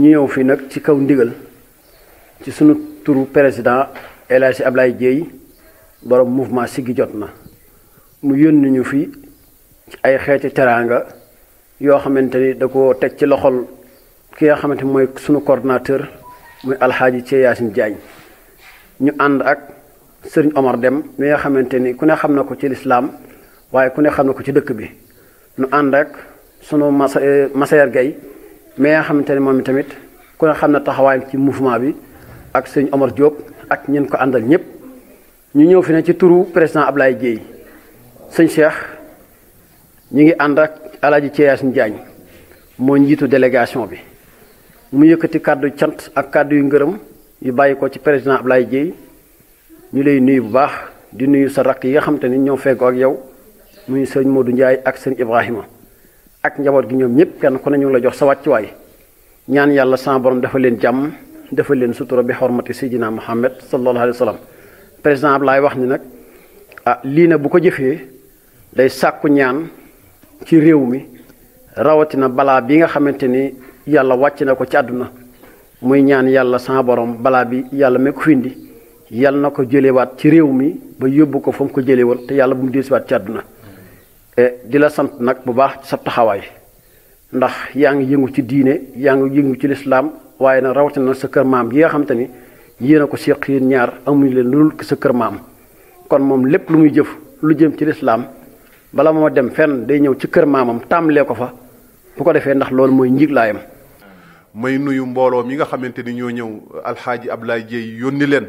ñu yow fii nag ci kaw ndigal ci sunu turu président El Hadji Ablaye Dieye borom mouvement Siggi jot na mu yónni ñu fi ay xeeti teraanga yoo xamante ni da ko teg ci loxol ki nga xamante ni mooy sunu coordonnateur muy alxaaji ci Yacine Diagne ñu ànd ak sëriñ Omar Dem mi nga xamante ni ku ne xam na ko ci lislaam waaye ku ne xam na ko ci dëkk bi ñu ànd ak sunu masa eh, Massaer Gueye mais nga xamante ne moom tamit ku ne xam na taxawaayam ci mouvement bi ak sëñ Omar Diop ak ñen ko àndal ñëpp ñu ñëw fi ne ci turu président ab Ablaye Dieye sëñ Cheikh ñu ngi ànd ak El Hadj Thieyassine Diagne moo njiitu délégation bi mu yëkkati kàddu cant ak kàddu yu ngërëm yu bàyyi ko ci président Ablaye Dieye ñu lay nuyu bu baax di nuyu sa rakk yi nga xamante ni ñoo feggoo ak yow muy sëñ Modou njaay ak seen Ibrahima. ak njaboot gi ñoom ñëpp kenn ko ne ñu la jox sa wàccuwaay ñaan yàlla sama borom dafa leen jàmm dafa leen sutura bi xormati sayyidina Muhammad sa alayhi wa sallam président Ablaye wax ni nag ah lii na bu ko jëfee day sàkku ñaan ci réew mi rawatina balaa bi nga xamante ni yàlla wàcc na ko ci àdduna muy ñaan yàlla saa borom balaa bi yàlla mee ko findi yàlla na ko jëlewaat ci réew mi ba yóbbu ko fa mu ko jëlewoon te yàlla bu mu dellusiwaat ci àdduna di la sant nag bu baax ci sa taxawaay ndax yaa ngi yëngu ci diine yaa ngi yëngu ci lislaam waaye nag rawatina sa kër maam yi nga xam te ni yéen a ko séq yéen ñaar amuñu leen lu dul sa kër maam kon moom lépp lu muy jëf lu jëm ci lislaam bala moo dem fenn day ñëw ci kër maamam tàmbalee ko fa bu ko defee ndax loolu mooy njiglaayam mooy nuyu mbooloo mi nga xamante ni ñoo ñëw alxaaji Ablaye Dieye yónni leen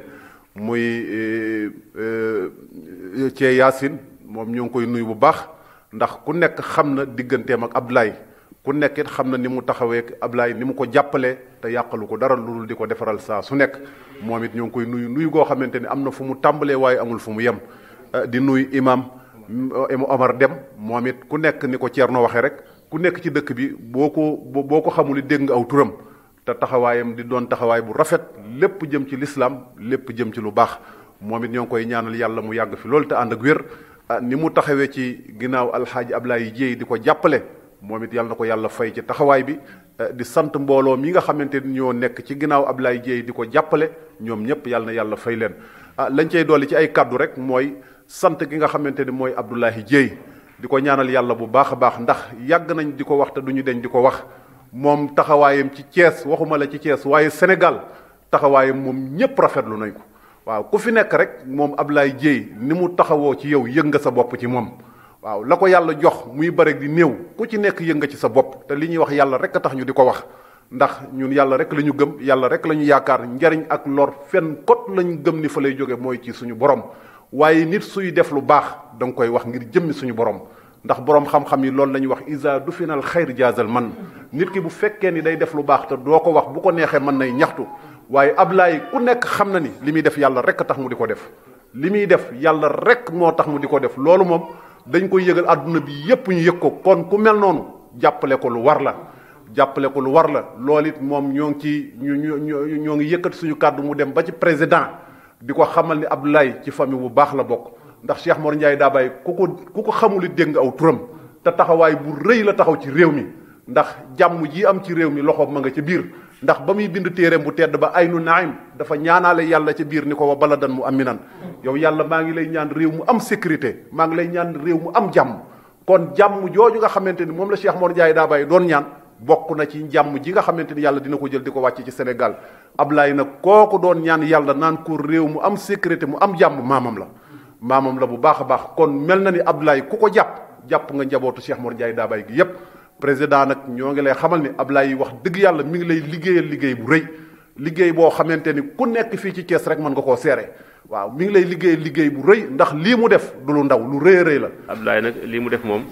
muy cee eh, eh, eh, Yaasin moom ñoo ngi koy nuyu bu baax ndax ku nekk xam na digganteem ak Ablaye ku nekk xam na ni mu taxawee ak Ablaye ni mu ko jàppalee te yàqalu ko dara lu dul di ko defaral saa su nekk moom it ñoo ngi koy nuyu nuyu goo xamante ni am na fu mu tàmbalee waaye amul fu mu yem eh, di nuyu imaam eh, Omar Dem moom it ku nekk ni ko ceer noo waxee rek ku nekk ci dëkk bi boo ko boo ko xamul dégg nga aw turam te taxawaayam di doon taxawaay bu rafet lépp jëm ci lislaam lépp jëm ci lu baax moom it ñoo ngi koy ñaanal yàlla mu yàgg fi loolu te ànd ak wér Ah, ni mu taxawee ci ginnaaw alxaaji Ablaye Dieye di ko jàppale moom it yàlla na ko yàlla fay ci taxawaay bi eh, di sant mbooloo mi nga xamante ni ñoo nekk ci ginnaaw Ablaye Dieye di ko jàppale ñoom ñëpp yàlla na yàlla fay leen ah lañ cey dolli ci ay kàddu rek mooy sant ki nga xamante ni mooy Abdoulaye Dieye di ko ñaanal yàlla bu baax a baax ndax yàgg nañ di ko wax te du ñu deñ di ko wax moom taxawaayam ci Thiès waxuma la ci Thiès waaye Sénégal taxawaayam moom ñëpp rafetlu nañ ko waaw ku fi nekk rek moom ab Ablaye Dieye ni mu taxawoo ci yow yëg nga sa bopp ci moom waaw la ko yàlla jox muy bare di néew ku ci nekk yëg nga ci sa bopp te li ñuy wax yàlla rek a tax ñu di ko wax ndax ñun yàlla rek la ñu gëm yàlla rek la ñu yaakaar njariñ ak lor fenn kot lañ gëm ni fa lay jóge mooy ci suñu borom waaye nit suy def lu baax da nga koy wax ngir jëmmi suñu borom ndax borom xam-xam yi loolu la ñuy wax isa du fi final xayr jaazal man nit ki bu fekkee ni day def lu baax te doo ko wax bu ko neexee mën nay ñaxtu waaye Ablaye ku nekk xam na ni li muy def yàlla rek tax mu di ko def li muy def yàlla rek moo tax mu di ko def loolu moom dañ koy yëgal àdduna bi yépp ñu yëg ko kon ku mel noonu jàppale ko lu war la jàppale ko lu war la lool it moom ñoo ngi ci ñu ñoo ngi yëkkati suñu kàddu mu dem ba ci président di ko xamal ni Abdoulaye ci famille bu baax la bokk ndax Cheikh Mor Ndiaye daa bàyyi ku ko ku ko xamul it dégg nga aw turam te taxawaay bu rëy la taxaw ci réew mi ndax jàmm ji am ci réew mi loxoom ma nga ca biir ndax ba muy bind téereem bu tedd ba ay nu naim dafa ñaanaale yàlla ca biir ni ko wa baladan mu aminan yow yàlla maa ngi lay ñaan réew mu am sécurité maa ngi lay ñaan réew mu am jàmm kon jàmm jooju nga xamante ni moom la Cheikh Mor Ndiaye daa bàyyi doon ñaan bokk na ci jàmm ji nga xamante ni yàlla dina ko jël di ko wàcc ci Sénégal Ablaye nag kooku doon ñaan yàlla naan ko réew mu am sécurité mu am jàmm maamam la maamam la bu baax a baax kon mel na ni Ablaye ku ko jàpp jàpp nga njabootu Cheikh Mor Ndiaye daa bàyyi gi yépp président nag ñoo ngi lay xamal ni ab Ablaye wax dëgg yàlla mi ngi lay liggéeyal liggéey bu rëy liggéey boo xamante ni ku nekk fii ci Thiès rek mën nga koo seere waaw mi ngi lay liggéey liggéey bu rëy ndax lii mu def du lu ndaw lu rëyee rëy la. ab laay nag lii mu def moom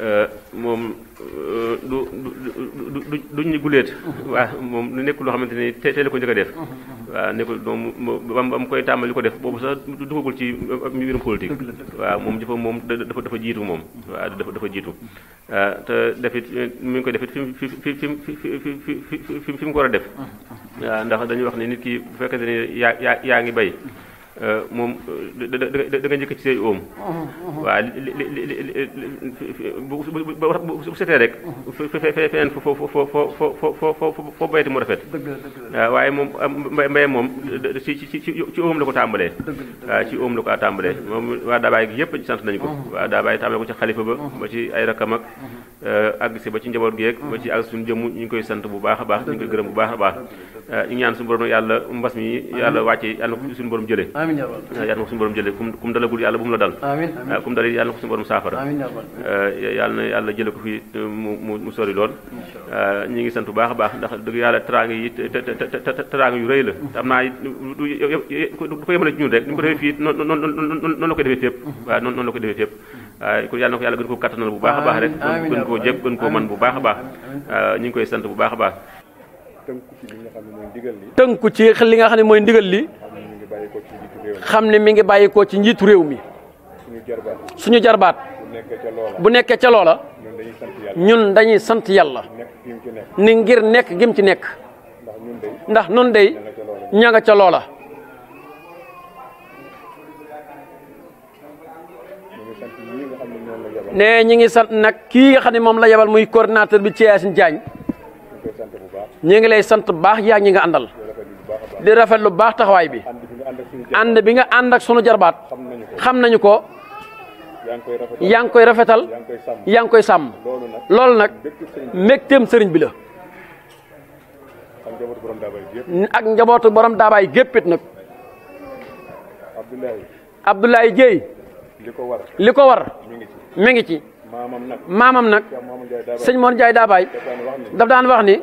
euh, moom euh, du du du du du ñu guleet. waaw moom lu nekk loo xamante ni teel ko njëkk def. waaw nekkul moom ba mu koy tàmbali ko def boobu sax dugagul ci euh, mbirum politique. waaw moom dafa moom dafa dafa jiitu moom. waaw dafa dafa jiitu. te defit euh, mi ngi koy defit fi fi fi fi fi fi fi mu ko war a def. Ah, ah, ah. waaw ndax dañuy wax ne nit ki bu fekkee ne yaa yaa yaa ngi bay. Euh, moom euh, da da da nga njëkk ci say oom. Uh-huh, uh-huh. waaw li li li li bu setee rek. Uh-huh. fe fe feneen foo foo foo foo foo foo bayti mu rafet. waaye moom mbay mbay moom ci ci ci ci oom la ko tàmbalee. waaw ci oom la ko tàmbalee moom waa daabaay gi yëpp sant nañu ko. waaw daabaay tàmbalee ko ci xalifa ba. ba ci ay rakam ak. Euh, àgg si ba ci njaboot gi yeeg ba ci àgg suñu jëmm ñu ngi koy sant bu baax a baax ñu ngi koy gërëm bu baax a baax euh, ñu ngi ñaan suñu borom yàlla mbas mi yàlla wàcce yàlla na ko suñu borom jëlee euh, yàlla na ko suñu borom jëlee kum kum dalagul yàlla bu mu la dal kum dal yàlla na ko suñu borom saafara yàlla na yàlla jële ko fii mu mu sori lool ñu ngi sant bu baax a baax ndax dëgg yàlla teraanga yi teraanga yu rëy la mm-hmm. am naa du ko yemale ci ñun rek ñu ko defee fii noonu la koy defee fépp mm-hmm. waaw noonu waaye ku yàlla yàlla gën koo kattanal bu baax a baax rek gën bu baax baax ñu ngi koy sant bu baax a baax tënku ci li nga xam ne mooy ndigal li xam ne mi ngi bàyyi ko ci njiitu réew mi suñu jarbaat bu nekkee ca loola ñun dañuy sant yàlla ni ngir nekk gim ci nekk ndax nun dey ña nga ca loola ne ñi ngi sant nag kii nga xam ne moom la yebal muy coordinateur bi ci Yacine ñi ngi lay sant baax yaa ñi nga àndal di rafet lu baax taxawaay bi ànd bi nga ànd ak sunu jarbaat xam nañu ko yaa ngi koy rafetal yaa ngi koy sàmm loolu nag mbégteem sëriñ bi la ak njabootu borom daabaay géppit nag Abdoulaye Dieye li ko war li ko war mi ngi ci. maamam nag maamam nag jaay Mor Ndiaye Daabaay daf daan wax ni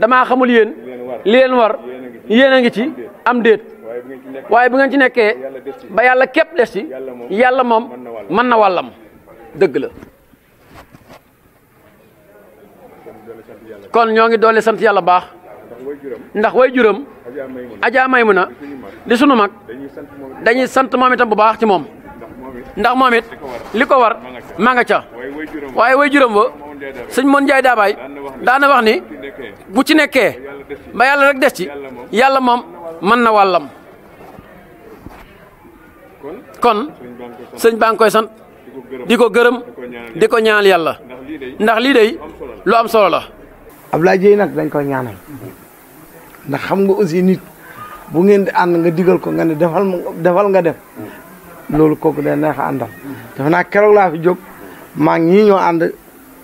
damaa xamul yéen li leen war yéen a ngi ci am déet waaye bu ngeen ci nekkee ba yàlla képp des ci yàlla moom man na wàllam dëgg la. kon ñoo ngi doole sant yàlla baax ndax way juram Adja Maymuna di sunu mag dañuy sant moom itam bu baax ci moom. ndax moom li ko war ma nga ca waaye way juróom ba sëñ Moon Njaay Daabaay daana wax ni bu ci nekkee ba yàlla rek des ci yàlla moom man na wàllam kon sëñ baa ngi koy sant di ko gërëm di ko ñaanal yàlla ndax lii day lu am solo la Ablaye Dieye nag dañ koy ñaanal ndax xam nga aussi nit bu ngeen di ànd nga digal ko nga ne defal nga def loolu kooku day neex a àndal dafa naa keroog laa fi jog maa ngi ñii ñoo ànd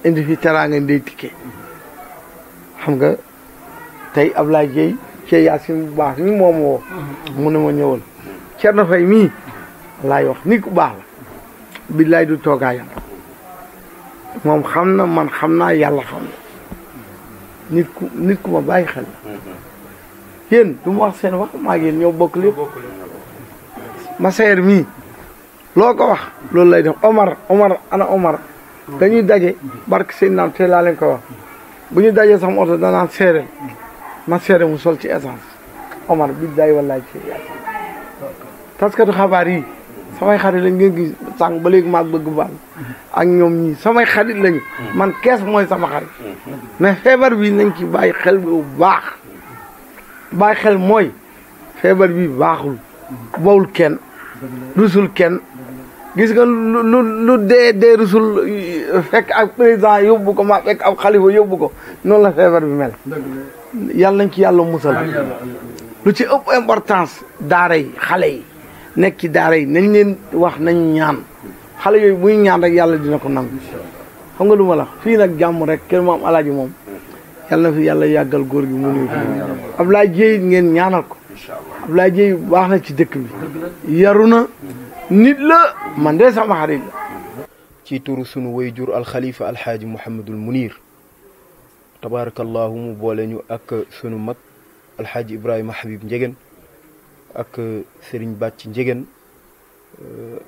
indi fi teraanga ndey tikke xam nga tey Ablaye Dieye cee Yacine bu baax mi moom woo mu ne ma ñëwal Thierno Faye mii laay wax nit baax la billaay du toogaayam moom xam na man xam naa yàlla xam na nit ku nit ku ma bàyyi xel la du ma wax seen wax maa ngi ñoo bokk lépp ma seer mii loo ko wax loolu lay def Omar Omar ana Omar dañuy daje barke seen naam te laa leen ko wax bu ñu dajee sama oto danaan seere ma seere mu sol ci essence Omar bi day wallaay ci taskatu xabaar yi samay xarit lañ ngeen gis sànq ba léegi maag bëgg baal ak ñoom ñii samay xarit lañu man kees mooy sama xarit mais feebar bi nañ ci bàyyi xel bu baax bàyyi xel mooy feebar bi baaxul bawul kenn rusul kenn gis nga lu lu lu dee dee rusul euh, fekk ak président yóbbu ko ma fekk ak xalifa yóbbu ko noonu la feebar bi mel yàlla nañ ci yàlla musal lu ci ëpp importance daara yi xale yi nekk ci daara yi nañ leen wax nañ ñaan xale yooyu muy ñaan rek yàlla dina ko nangu xam nga lu mala fii nag jàmm rek kenn maam alaaji moom yàlla na fi yàlla yàggal góor gi mu nuyu Ablaye Dieye ngeen ñaanal ko Ablaye Dieye baax na ci dëkk bi yaru nit la man sama xarit ci turu sunu wayjur alxalifa alxaaji mouhamadul munir tabaarakallahu mu boole ñu ak sunu mag alxaaji ibrahima habib njegen ak sëriñ bàcc njegen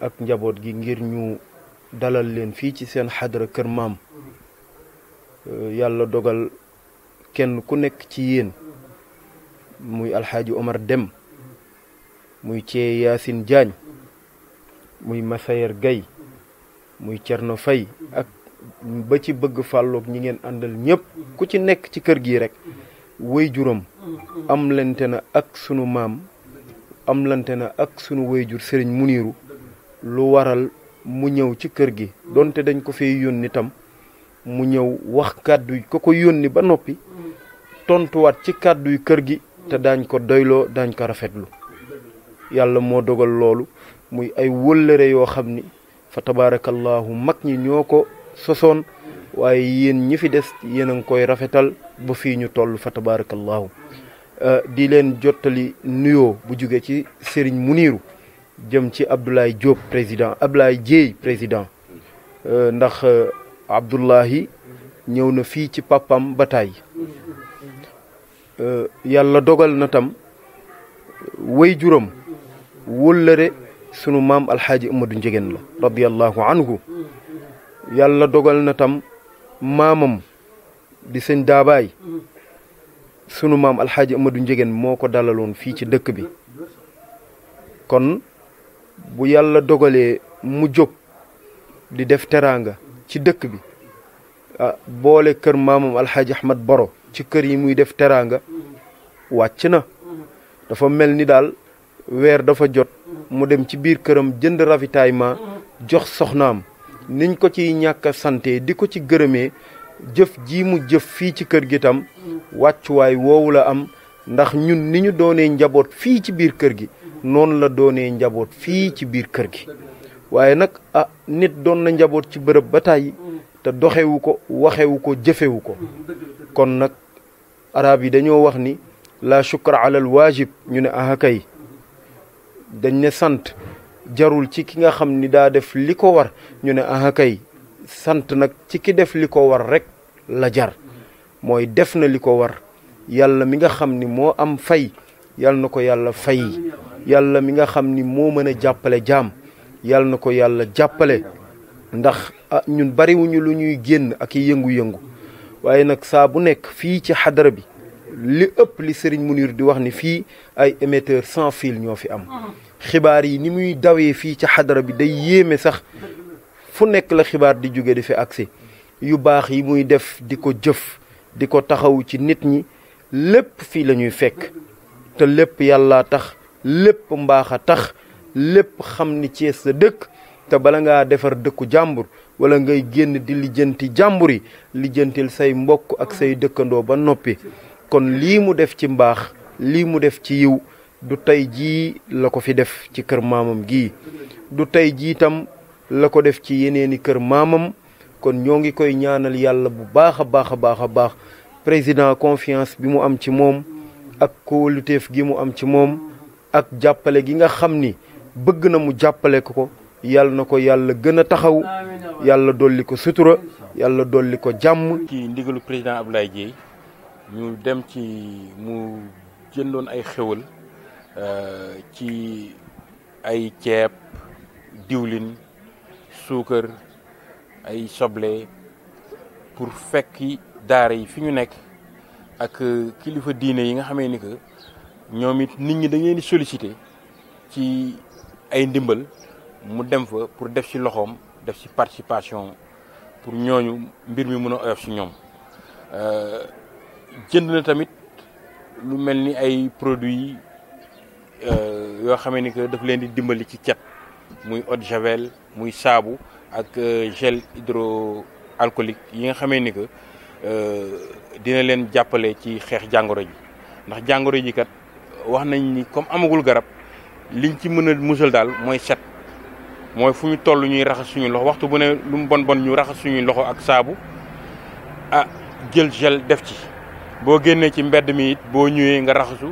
ak njaboot gi ngir ñu dalal leen fii ci seen xadara kër maam euh, yàlla dogal kenn ku nekk ci yéen muy alxaaji omar dem muy cee yaasin jaañ muy Massayer Gueye muy Thierno fay ak ba ci bëgg fàlloog ñi ngeen àndal ñëpp ku ci nekk ci kër gi rek way juram am lante na ak sunu maam amlante na ak sunu way jur sëriñ Muniiru lu waral mu ñëw ci kër gi donte dañ ko fee yónni tam mu ñëw wax kàddu yi ko ko yónni ba noppi tontuwaat ci kàddu yi kër gi te daañ ko doyloo daañ ko rafetlu yàlla moo dogal loolu muy ay wëllëre yoo xam ni fa tabaarakallaahu mag ñi ñoo ko sosoon waaye yéen ñi fi des yéen a ngi koy rafetal ba fii ñu toll fa tabaarakallaahu euh, di leen jottali nuyoo bu jóge ci mu Muniiru jëm ci Abdoulaye Diop président Abdoulaye Dieye président euh, ndax euh, Abdoulahi ñëw na fii ci ba bataay yàlla dogal na tam way juram wóllëre sunu maam alxaaji Amadou Ndiéguène la radiallahu anhu yàlla dogal na tam maamam di sëñ daabaay sunu maam alxaaji Amadou Ndiéguène moo ko dalaloon fii ci dëkk bi kon bu yàlla dogalee mu jóg di def teraanga ci dëkk bi ah boole kër maamam alxaaji Ahmad Boro ci kër yi muy def teraanga wàcc na dafa mel ni daal weer dafa jot mu dem ci biir këram jënd ravitaillement jox soxnaam niñ ko ci ñàkk sante di ko ci gërëmee jëf ji mu jëf fii ci kër gi tam wàccuwaay woowu la am ndax ñun ni ñu doonee njaboot fii ci biir kër gi noonu la doonee njaboot fii ci biir kër gi waaye nag ah nit doon na njaboot ci bërëb ba tàyyi te doxewu ko waxewu ko jëfewu ko kon nag arab yi dañoo wax ni la shukra alal waajib ñu ne ahakay dañ ne sant jarul ci ki nga xam ni daa def li ko war ñu ne ah kay sant nag ci ki def li ko war rek la jar mooy def na li ko war yàlla mi nga xam ni moo am fay yàlla na ko yàlla fay yàlla mi nga xam ni moo mën a jàppale jaam yàlla na ko yàlla jàppale ndax ah, ñun bariwuñu lu ñuy génn ak yëngu-yëngu waaye nag saa bu nekk fii ci xadara bi li ëpp li Serigne Mounir di wax ni fii ay émetteur sans fil ñoo fi am xibaar yi ni muy dawee fii ca xadara bi day yéeme sax fu nekk la xibaar di jóge di fi agsi yu baax yi muy def di ko jëf di ko taxawu ci nit ñi lépp fii la ñuy fekk te lépp yàlla tax lépp mbaax a tax lépp xam ni Cees sa dëkk te bala ngaa defar dëkku jàmbur wala ngay génn di lijjanti jàmbur yi lijjantil say mbokk ak say dëkkandoo ba noppi kon lii mu def ci mbaax lii mu def ci yiw du tey jii la ko fi def ci kër maamam gii du tey jii tam la ko def ci yeneeni kër maamam kon ñoo ngi koy ñaanal yàlla bu baax a baax a baax a baax président confiance bi mu am ci moom ak kóoluteef gi mu am ci moom ak jàppale gi nga xam ni bëgg na mu jàppale ko yàlla na ko yàlla gën a taxaw yàlla dolli ko sutura yàlla dolli ko jàmm. ci ndigalu président Abdoulaye Dièye ñu dem ci mu jëndoon ay xéwal euh, ci ay ceeb diwlin suukar ay soble pour fekki daara yi fi ñu nekk ak kilifa diine yi nga xamee ni que ñoom it nit ñi dañ leen di ci ay ndimbal mu dem fa pour def ci loxoom def ci participation pour ñooñu mbir mi mun a oyof ci ñoom euh, jënd na tamit lu mel ni ay produits euh, yoo xamee ni que daf leen di dimbali ci cet muy eau de javel muy saabu ak euh, gel hydroalcoolique yi nga xamee ni que euh, dina leen jàppale ci xeex jàngoro ji ndax jàngoro ji kat wax nañ ni comme amagul garab liñ ci mën a musal daal mooy set mooy fu ñu toll ñuy raxas suñu loxo waxtu bu ne lu mu bon bon ñu raxas suñuy loxo ak saabu ah jël gel def ci. boo génnee ci mbedd mi it boo ñëwee nga raxasu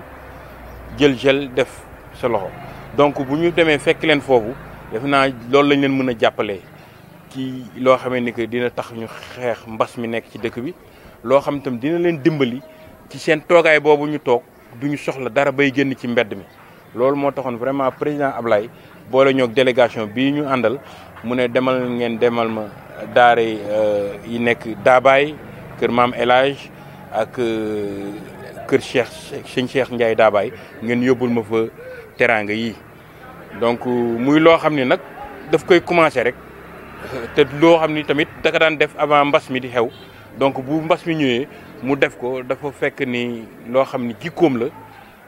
jël gel def sa loxo donc bu ñu demee fekk leen foofu def naa loolu lañ leen mën a jàppale ci loo xamee ni que dina tax ñu xeex mbas mi nekk ci dëkk bi loo xam tam dina leen dimbali ci seen toogaay boobu ñu toog du ñu soxla dara bay génn ci mbedd mi loolu moo taxoon vraiment président Ablaye boole ñoog délégation bii ñu àndal mu ne demal ngeen demal ma daare euh, yi nekk Daabaay Kër Maam El ak euh, kër Cheikh sëñ Cheikh Ndiaye Daabaay ngeen yóbbul ma fa teraanga yi donc euh, muy loo xam ne nag daf koy commencé rek te loo xam ni tamit daka daan def avant mbas mi di xew donc bu mbas mi ñëwee mu def ko dafa fekk ni loo xam ni jikkoom la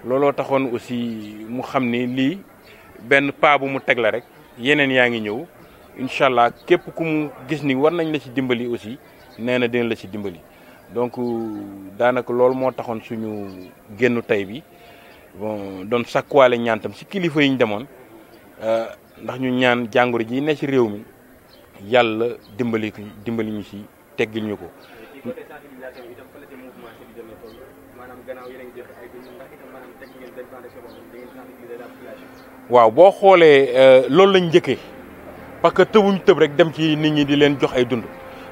looloo taxoon aussi mu xam ni lii benn pas bu mu teg la rek yeneen yaa ngi ñëw incha allah képp ku mu gis ni war nañ la si dimbali aussi nee na dina la si dimbali. donc euh, daanaka loolu moo taxoon suñu génnu tey bi bon doon sakkuwaale ñaan tam si kilifa yi ñu demoon euh, ndax ñu ñaan jàngoro ji ne si réew mi yàlla dimbali dimbali ñu si teggil ñu ko. waaw boo xoolee euh, loolu lañ njëkkee parce que tëbuñ tëb rek dem ci nit ñi di leen jox ay dund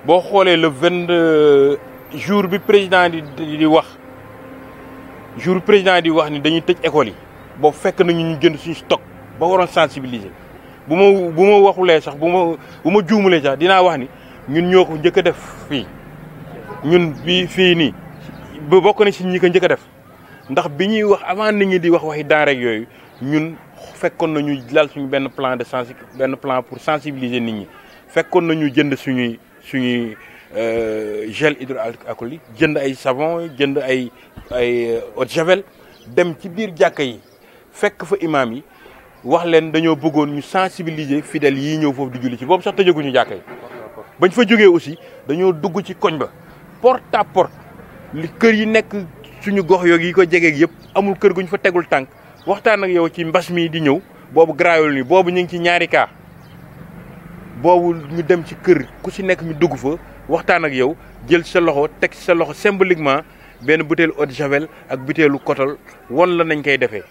boo xoolee le vingt jour bi président di wax jour président di wax ni dañuy tëj école yi boobu fekk nañu ñu jënd suñu stock ba waroon sensibiliser bu ma bu ma waxulee sax bu ma bu ma juumulee sax dinaa wax ni ñun ñoo ko njëkk a def fii ñun bi fii nii ba bokk na si ñi ko njëkk a def ndax bi ñuy wax avant nit ñi di wax waxi daan rek yooyu ñun fekkoon nañu lal suñu benn plan de sensi benn plan pour sensibiliser nit ñi fekkoon nañu jënd suñuy suñuy Euh, gel hydroalcoolique jënd ay savon jënd ay ay euh, eau de javel dem ci biir jàkka yi fekk fa imaam yi wax leen dañoo bëggoon ñu sensibiliser fidèles yi ñëw foofu di julli ci boobu sax tëjaguñu jàkka yi bañ fa jógee aussi dañoo dugg ci koñ ba porte à porte li kër yi nekk suñu gox yooyu yi ko jegeeg yëpp amul kër guñ fa tegul tànk waxtaan ak yow ci mbas mii di ñëw boobu graayul ni boobu ñu ngi ci ñaari cas boobu ñu dem ci kër ku si nekk ñu dugg fa waxtaan ak yow jël sa loxo teg sa loxo symboliquement benn butéelu eau de javel ak butéelu kotol won la nañ koy defee.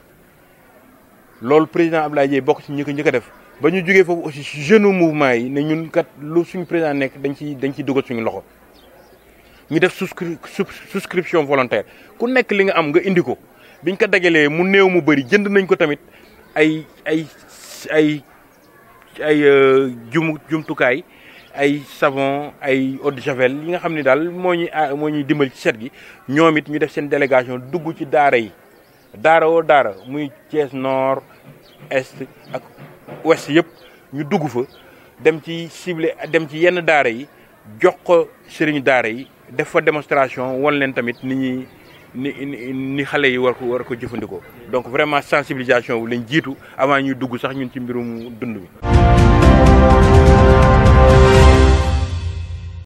loolu président Abdoulaye Dièye bokk ci ñi ko ñi def ba ñu jógee foofu aussi jeune mouvement yi ne ñun kat lu suñu président nekk dañ ciy dañ ciy dugal suñu loxo. ñu def souscription volontaire ku nekk li nga am nga indi ko biñ ko dajalee mu néew mu bëri jënd nañ ko tamit ay ay ay ay euh, jum jumtukaay. ay savon ay eau de javel yi nga xam ne daal moo ñuy ah, moo ñuy dimbal ci set gi ñoom it ñu def seen délégation dugg ci daara yi daara woo daara muy Thiès nord est ak ouest yëpp ñu dugg fa dem ci ciblé dem ci yenn daara yi jox ko sëriñ daara yi def fa démonstration won leen tamit ni ñuy ni ni xale yi war ko war ko jëfandikoo donc vraiment sensibilisation wu lañ jiitu avant ñuy dugg sax ñun ci mbirum dund mi